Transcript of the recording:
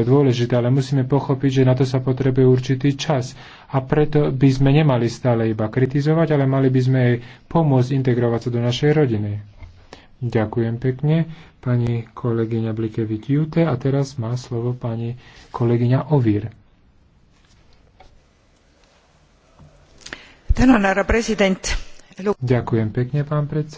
dôležité, ale musíme pochopiť, že na to sa potrebuje určitý čas. A preto by sme nemali stále iba kritizovať, ale mali by sme jej pomôcť integrovať sa do našej rodiny. Ďakujem pekne, pani kolegyňa Blikevit Jute. A teraz má slovo pani kolegyňa Ovír. Ďakujem pekne, pán predseda.